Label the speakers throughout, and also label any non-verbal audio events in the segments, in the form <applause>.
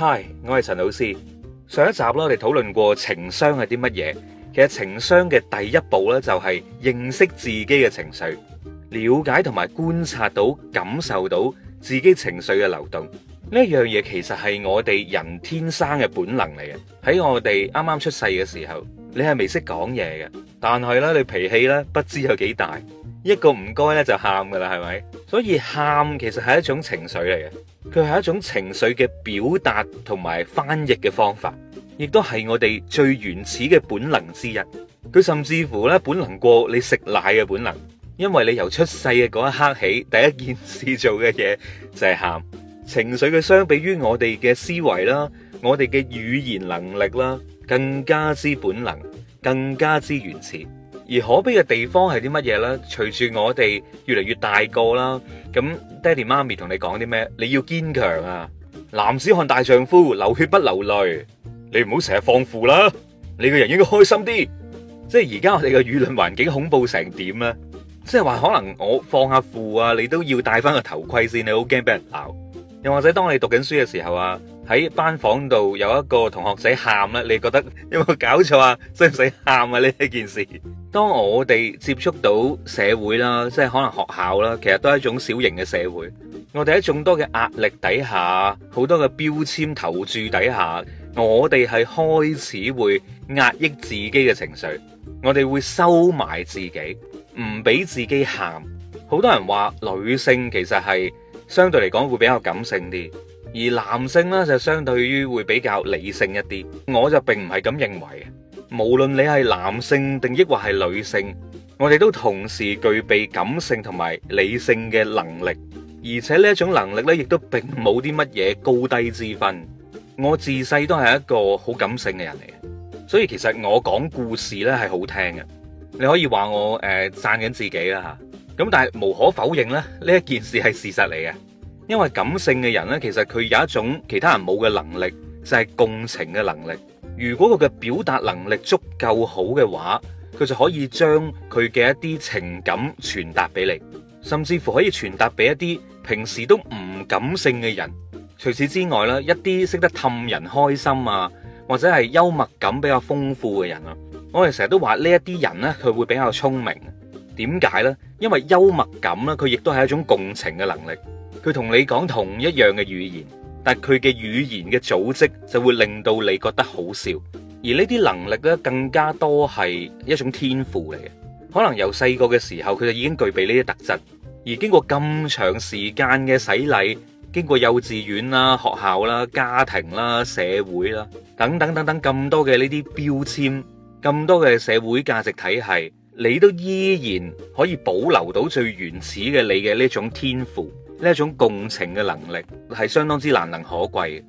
Speaker 1: 嗨，Hi, 我係陳老師。上一集我哋討論過情商係啲乜嘢。其實情商嘅第一步咧，就係認識自己嘅情緒，了解同埋觀察到、感受到自己情緒嘅流動。呢樣嘢其實係我哋人天生嘅本能嚟嘅。喺我哋啱啱出世嘅時候，你係未識講嘢嘅，但係咧你脾氣咧不知有幾大。一個唔該呢，就喊噶啦，係咪？所以喊其實係一種情緒嚟嘅，佢係一種情緒嘅表達同埋翻譯嘅方法，亦都係我哋最原始嘅本能之一。佢甚至乎呢，本能過你食奶嘅本能，因為你由出世嘅嗰一刻起，第一件事做嘅嘢就係喊。情緒嘅相比於我哋嘅思維啦，我哋嘅語言能力啦，更加之本能，更加之原始。而可悲嘅地方係啲乜嘢咧？隨住我哋越嚟越大個啦，咁爹哋媽咪同你講啲咩？你要堅強啊！男子漢大丈夫，流血不流淚。你唔好成日放負啦！你個人應該開心啲。即係而家我哋嘅輿論環境恐怖成點咧？即係話可能我放下負啊，你都要戴翻個頭盔先，你好驚俾人鬧。又或者當你讀緊書嘅時候啊，喺班房度有一個同學仔喊咧，你覺得有冇搞錯啊？使唔使喊啊？呢一件事？當我哋接觸到社會啦，即係可能學校啦，其實都係一種小型嘅社會。我哋喺眾多嘅壓力底下，好多嘅標籤投注底下，我哋係開始會壓抑自己嘅情緒，我哋會收埋自己，唔俾自己喊。好多人話女性其實係相對嚟講會比較感性啲，而男性呢，就相對於會比較理性一啲。我就並唔係咁認為嘅。無論你係男性定抑或係女性，我哋都同時具備感性同埋理性嘅能力，而且呢種能力呢，亦都並冇啲乜嘢高低之分。我自細都係一個好感性嘅人嚟，所以其實我講故事呢係好聽嘅。你可以話我誒讚緊自己啦吓，咁但係無可否認咧，呢一件事係事實嚟嘅，因為感性嘅人呢，其實佢有一種其他人冇嘅能力。就係共情嘅能力，如果佢嘅表達能力足夠好嘅話，佢就可以將佢嘅一啲情感傳達俾你，甚至乎可以傳達俾一啲平時都唔感性嘅人。除此之外啦，一啲識得氹人開心啊，或者係幽默感比較豐富嘅人啊，我哋成日都話呢一啲人呢，佢會比較聰明。點解呢？因為幽默感咧，佢亦都係一種共情嘅能力，佢同你講同一樣嘅語言。但佢嘅語言嘅組織就會令到你覺得好笑，而呢啲能力咧更加多係一種天賦嚟嘅，可能由細個嘅時候佢就已經具備呢啲特質，而經過咁長時間嘅洗禮，經過幼稚園啦、學校啦、家庭啦、社會啦等等等等咁多嘅呢啲標籤、咁多嘅社會價值體系，你都依然可以保留到最原始嘅你嘅呢種天賦。呢一種共情嘅能力係相當之難能可貴，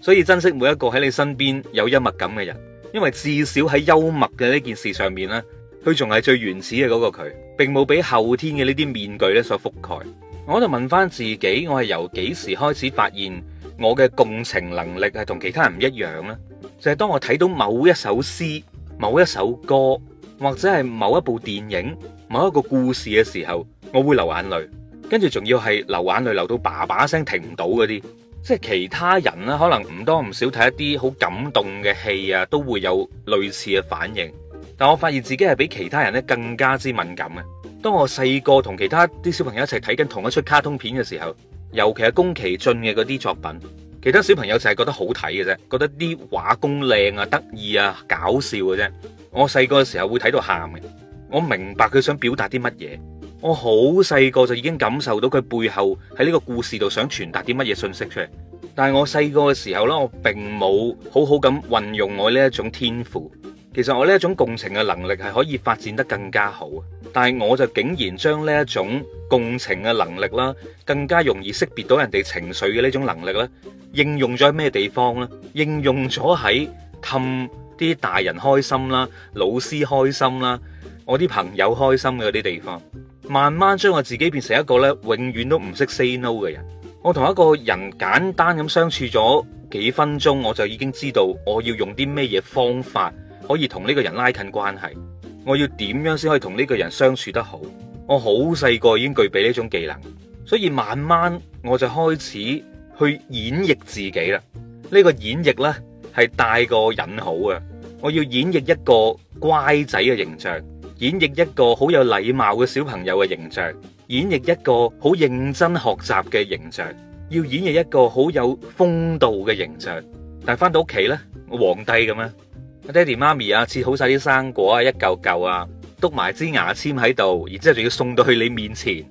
Speaker 1: 所以珍惜每一個喺你身邊有幽默感嘅人，因為至少喺幽默嘅呢件事上面呢，佢仲係最原始嘅嗰個佢，並冇俾後天嘅呢啲面具咧所覆蓋。我喺度問翻自己，我係由幾時開始發現我嘅共情能力係同其他人唔一樣呢？就係當我睇到某一首詩、某一首歌或者係某一部電影、某一個故事嘅時候，我會流眼淚。跟住仲要係流眼淚流到爸爸聲停唔到嗰啲，即係其他人咧可能唔多唔少睇一啲好感動嘅戲啊，都會有類似嘅反應。但我發現自己係比其他人咧更加之敏感嘅。當我細個同其他啲小朋友一齊睇緊同一出卡通片嘅時候，尤其係宮崎駿嘅嗰啲作品，其他小朋友就係覺得好睇嘅啫，覺得啲畫工靚啊、得意啊、搞笑嘅啫。我細個嘅時候會睇到喊嘅，我明白佢想表達啲乜嘢。我好細個就已經感受到佢背後喺呢個故事度想傳達啲乜嘢信息出嚟。但係我細個嘅時候咧，我並冇好好咁運用我呢一種天賦。其實我呢一種共情嘅能力係可以發展得更加好。但係我就竟然將呢一種共情嘅能力啦，更加容易識別到人哋情緒嘅呢種能力咧，應用咗喺咩地方咧？應用咗喺氹啲大人開心啦，老師開心啦，我啲朋友開心嘅嗰啲地方。慢慢將我自己變成一個咧永遠都唔識 say no 嘅人。我同一個人簡單咁相處咗幾分鐘，我就已經知道我要用啲咩嘢方法可以同呢個人拉近關係。我要點樣先可以同呢個人相處得好？我好細個已經具備呢種技能，所以慢慢我就開始去演繹自己啦。呢個演繹呢係帶個引號嘅，我要演繹一個乖仔嘅形象。演繹一個好有禮貌嘅小朋友嘅形象，演繹一個好認真學習嘅形象，要演繹一個好有風度嘅形象。但係翻到屋企咧，皇帝咁啊，爹地媽咪啊，切好晒啲生果塊塊啊，一嚿嚿啊，篤埋支牙籤喺度，然之後仲要送到去你面前。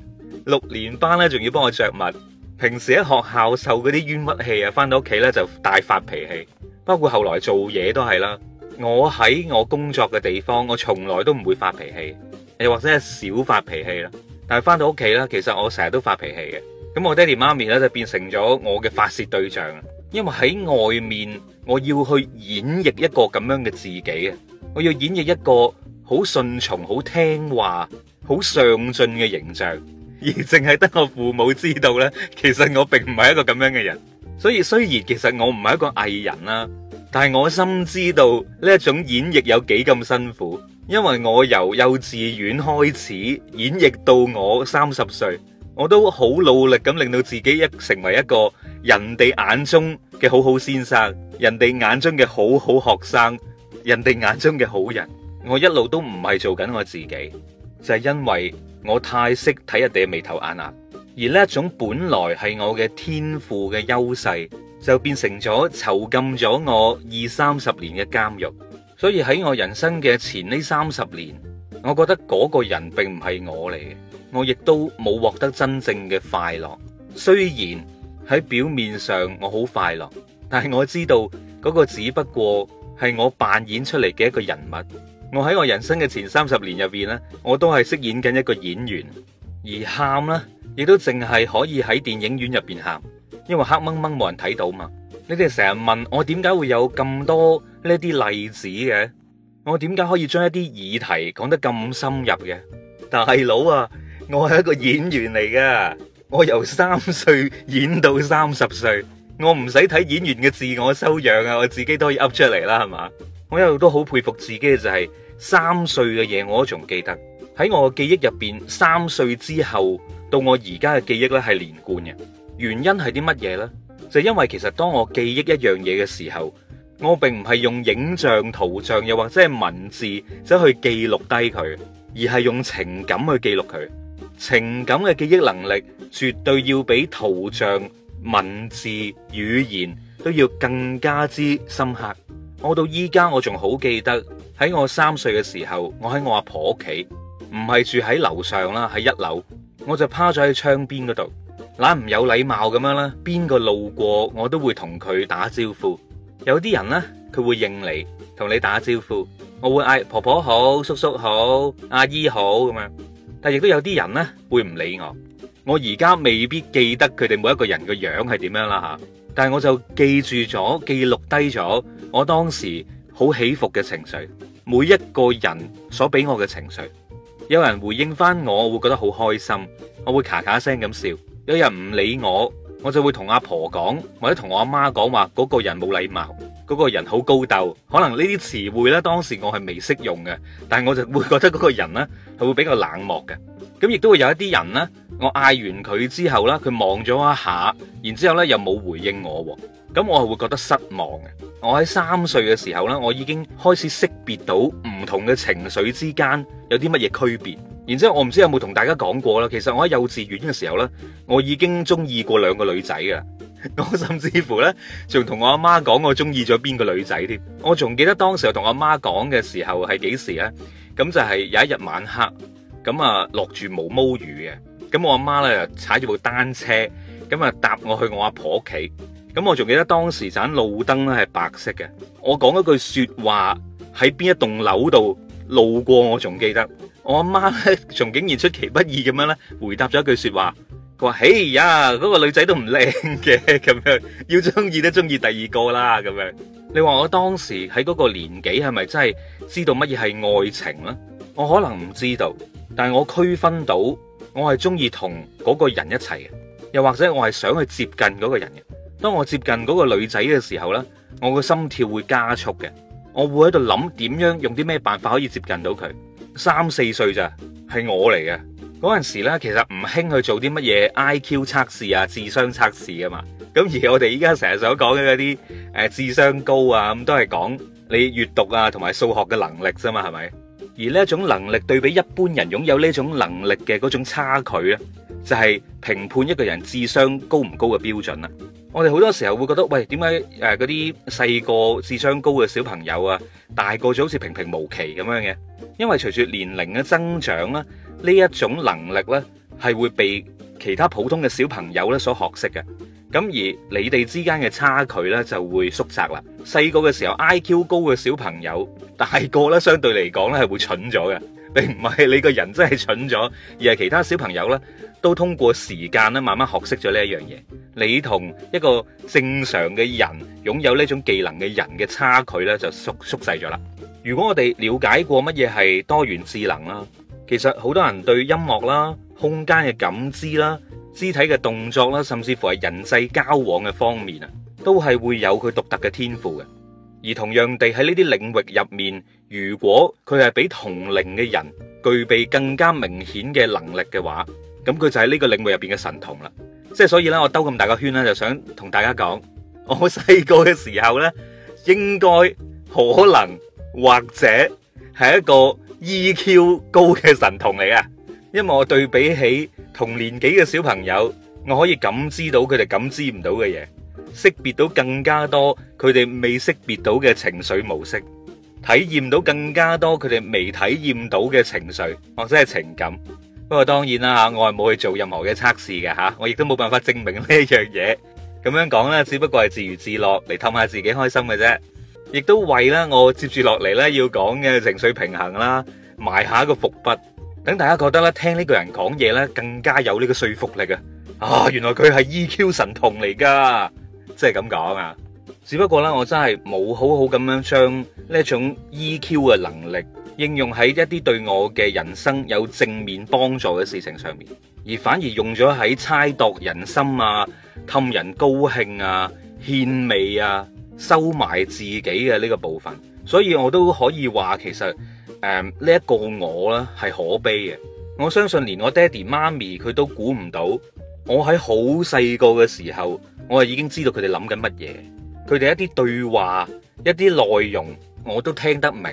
Speaker 1: 六年班呢，仲要幫我着襪。平時喺學校受嗰啲冤屈氣啊，翻到屋企呢，就大發脾氣。包括後來做嘢都係啦。我喺我工作嘅地方，我從來都唔會發脾氣，又或者係少發脾氣啦。但係翻到屋企啦，其實我成日都發脾氣嘅。咁我爹哋媽咪咧就變成咗我嘅發洩對象啊。因為喺外面，我要去演繹一個咁樣嘅自己啊，我要演繹一個好順從、好聽話、好上進嘅形象，而淨係得我父母知道咧。其實我並唔係一個咁樣嘅人。所以雖然其實我唔係一個藝人啦。但係我深知道呢一種演繹有幾咁辛苦，因為我由幼稚園開始演繹到我三十歲，我都好努力咁令到自己一成為一個人哋眼中嘅好好先生，人哋眼中嘅好好學生，人哋眼中嘅好人。我一路都唔係做緊我自己，就係因為我太識睇人哋嘅眉頭眼眼，而呢一種本來係我嘅天賦嘅優勢就變成咗囚禁咗我二三十年嘅監獄，所以喺我人生嘅前呢三十年，我覺得嗰個人並唔係我嚟嘅，我亦都冇獲得真正嘅快樂。雖然喺表面上我好快樂，但係我知道嗰個只不過係我扮演出嚟嘅一個人物。我喺我人生嘅前三十年入邊呢，我都係飾演緊一個演員，而喊呢，亦都淨係可以喺電影院入邊喊。因為黑掹掹冇人睇到嘛，你哋成日問我點解會有咁多呢啲例子嘅，我點解可以將一啲議題講得咁深入嘅？ <noise> 大佬啊，我係一個演員嚟噶，我由三歲演到三十歲，我唔使睇演員嘅自我修養啊，我自己都可以噏出嚟啦，係嘛？我一路都好佩服自己嘅，就係、是、三歲嘅嘢我都仲記得，喺我嘅記憶入邊，三歲之後到我而家嘅記憶咧係連貫嘅。原因係啲乜嘢呢？就係因為其實當我記憶一樣嘢嘅時候，我並唔係用影像、圖像又或者係文字走去記錄低佢，而係用情感去記錄佢。情感嘅記憶能力絕對要比圖像、文字、語言都要更加之深刻。我到依家我仲好記得喺我三歲嘅時候，我喺我阿婆屋企，唔係住喺樓上啦，喺一樓，我就趴咗喺窗邊嗰度。嗱，唔有禮貌咁樣啦。邊個路過，我都會同佢打招呼。有啲人呢，佢會應你，同你打招呼。我會嗌婆婆好、叔叔好、阿姨好咁樣。但亦都有啲人呢，會唔理我。我而家未必記得佢哋每一個人嘅樣係點樣啦吓，但係我就記住咗，記錄低咗我當時好起伏嘅情緒，每一個人所俾我嘅情緒。有人回應翻，我會覺得好開心，我會咔咔聲咁笑。有人唔理我，我就會同阿婆講，或者同我阿媽講話，嗰個人冇禮貌，嗰個人好高斗。可能呢啲詞彙咧，當時我係未識用嘅，但係我就會覺得嗰個人咧係會比較冷漠嘅。咁亦都會有一啲人咧，我嗌完佢之後咧，佢望咗一下，然之後咧又冇回應我，咁我係會覺得失望嘅。我喺三歲嘅時候咧，我已經開始識別到唔同嘅情緒之間有啲乜嘢區別。然之後我唔知有冇同大家講過啦，其實我喺幼稚園嘅時候呢，我已經中意過兩個女仔噶，我甚至乎呢，仲同我阿媽講我中意咗邊個女仔添。我仲記得當時我同我阿媽講嘅時候係幾時呢？咁就係有一日晚黑，咁啊落住毛毛雨嘅，咁我阿媽呢，又踩住部單車，咁啊搭我去我阿婆屋企。咁我仲記得當時盞路燈咧係白色嘅，我講一句說話喺邊一棟樓度路過，我仲記得。我阿媽咧，仲竟然出其不意咁樣咧，回答咗一句說話。佢話：哎呀，嗰個女仔都唔靚嘅，咁樣要中意都中意第二個啦。咁樣你話我當時喺嗰個年紀係咪真係知道乜嘢係愛情咧？我可能唔知道，但係我區分到我係中意同嗰個人一齊嘅，又或者我係想去接近嗰個人嘅。當我接近嗰個女仔嘅時候呢，我個心跳會加速嘅，我會喺度諗點樣用啲咩辦法可以接近到佢。三四歲咋，係我嚟嘅嗰陣時咧，其實唔興去做啲乜嘢 IQ 測試啊，智商測試啊嘛。咁而我哋依家成日所講嘅嗰啲誒智商高啊，咁都係講你閱讀啊同埋數學嘅能力啫嘛，係咪？而呢一種能力對比一般人擁有呢種能力嘅嗰種差距咧，就係評判一個人智商高唔高嘅標準啦。我哋好多時候會覺得，喂，點解誒嗰啲細個智商高嘅小朋友啊，大個咗好似平平無奇咁樣嘅？因為隨住年齡嘅增長啦，呢一種能力呢係會被其他普通嘅小朋友呢所學識嘅。咁而你哋之間嘅差距呢，就會縮窄啦。細個嘅時候，IQ 高嘅小朋友，大個呢，相對嚟講呢係會蠢咗嘅。你唔係你個人真係蠢咗，而係其他小朋友咧，都通過時間咧，慢慢學識咗呢一樣嘢。你同一個正常嘅人擁有呢種技能嘅人嘅差距咧，就縮縮細咗啦。如果我哋了解過乜嘢係多元智能啦，其實好多人對音樂啦、空間嘅感知啦、肢體嘅動作啦，甚至乎係人際交往嘅方面啊，都係會有佢獨特嘅天賦嘅。而同樣地喺呢啲領域入面，如果佢係比同齡嘅人具備更加明顯嘅能力嘅話，咁佢就喺呢個領域入邊嘅神童啦。即係所以呢，我兜咁大個圈呢，就想同大家講，我細個嘅時候呢，應該可能或者係一個 EQ 高嘅神童嚟啊，因為我對比起同年紀嘅小朋友，我可以感知到佢哋感知唔到嘅嘢。識別到更加多佢哋未識別到嘅情緒模式，體驗到更加多佢哋未體驗到嘅情緒，或者係情感。不過當然啦，吓我係冇去做任何嘅測試嘅吓，我亦都冇辦法證明呢一樣嘢。咁樣講咧，只不過係自娛自樂嚟，氹下自己開心嘅啫。亦都為咧，我接住落嚟咧要講嘅情緒平衡啦，埋下一個伏筆，等大家覺得咧聽呢個人講嘢咧更加有呢個說服力啊。啊，原來佢係 EQ 神童嚟噶。即係咁講啊！只不過咧，我真係冇好好咁樣將呢種 EQ 嘅能力應用喺一啲對我嘅人生有正面幫助嘅事情上面，而反而用咗喺猜度人心啊、氹人高興啊、獻媚啊、收埋自己嘅呢個部分。所以我都可以話，其實誒呢一個我咧係可悲嘅。我相信連我爹哋媽咪佢都估唔到。我喺好細個嘅時候，我就已經知道佢哋諗緊乜嘢，佢哋一啲對話、一啲內容，我都聽得明。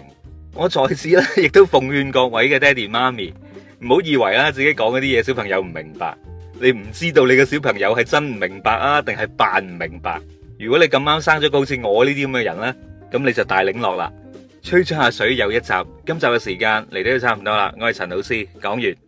Speaker 1: 我在此咧，亦都奉勸各位嘅爹地媽咪，唔好以為啦，自己講嗰啲嘢小朋友唔明白，你唔知道你嘅小朋友係真唔明白啊，定係扮唔明白。如果你咁啱生咗個好似我呢啲咁嘅人呢，咁你就大領落啦。吹咗下水又一集，今集嘅時間嚟到都差唔多啦。我係陳老師，講完。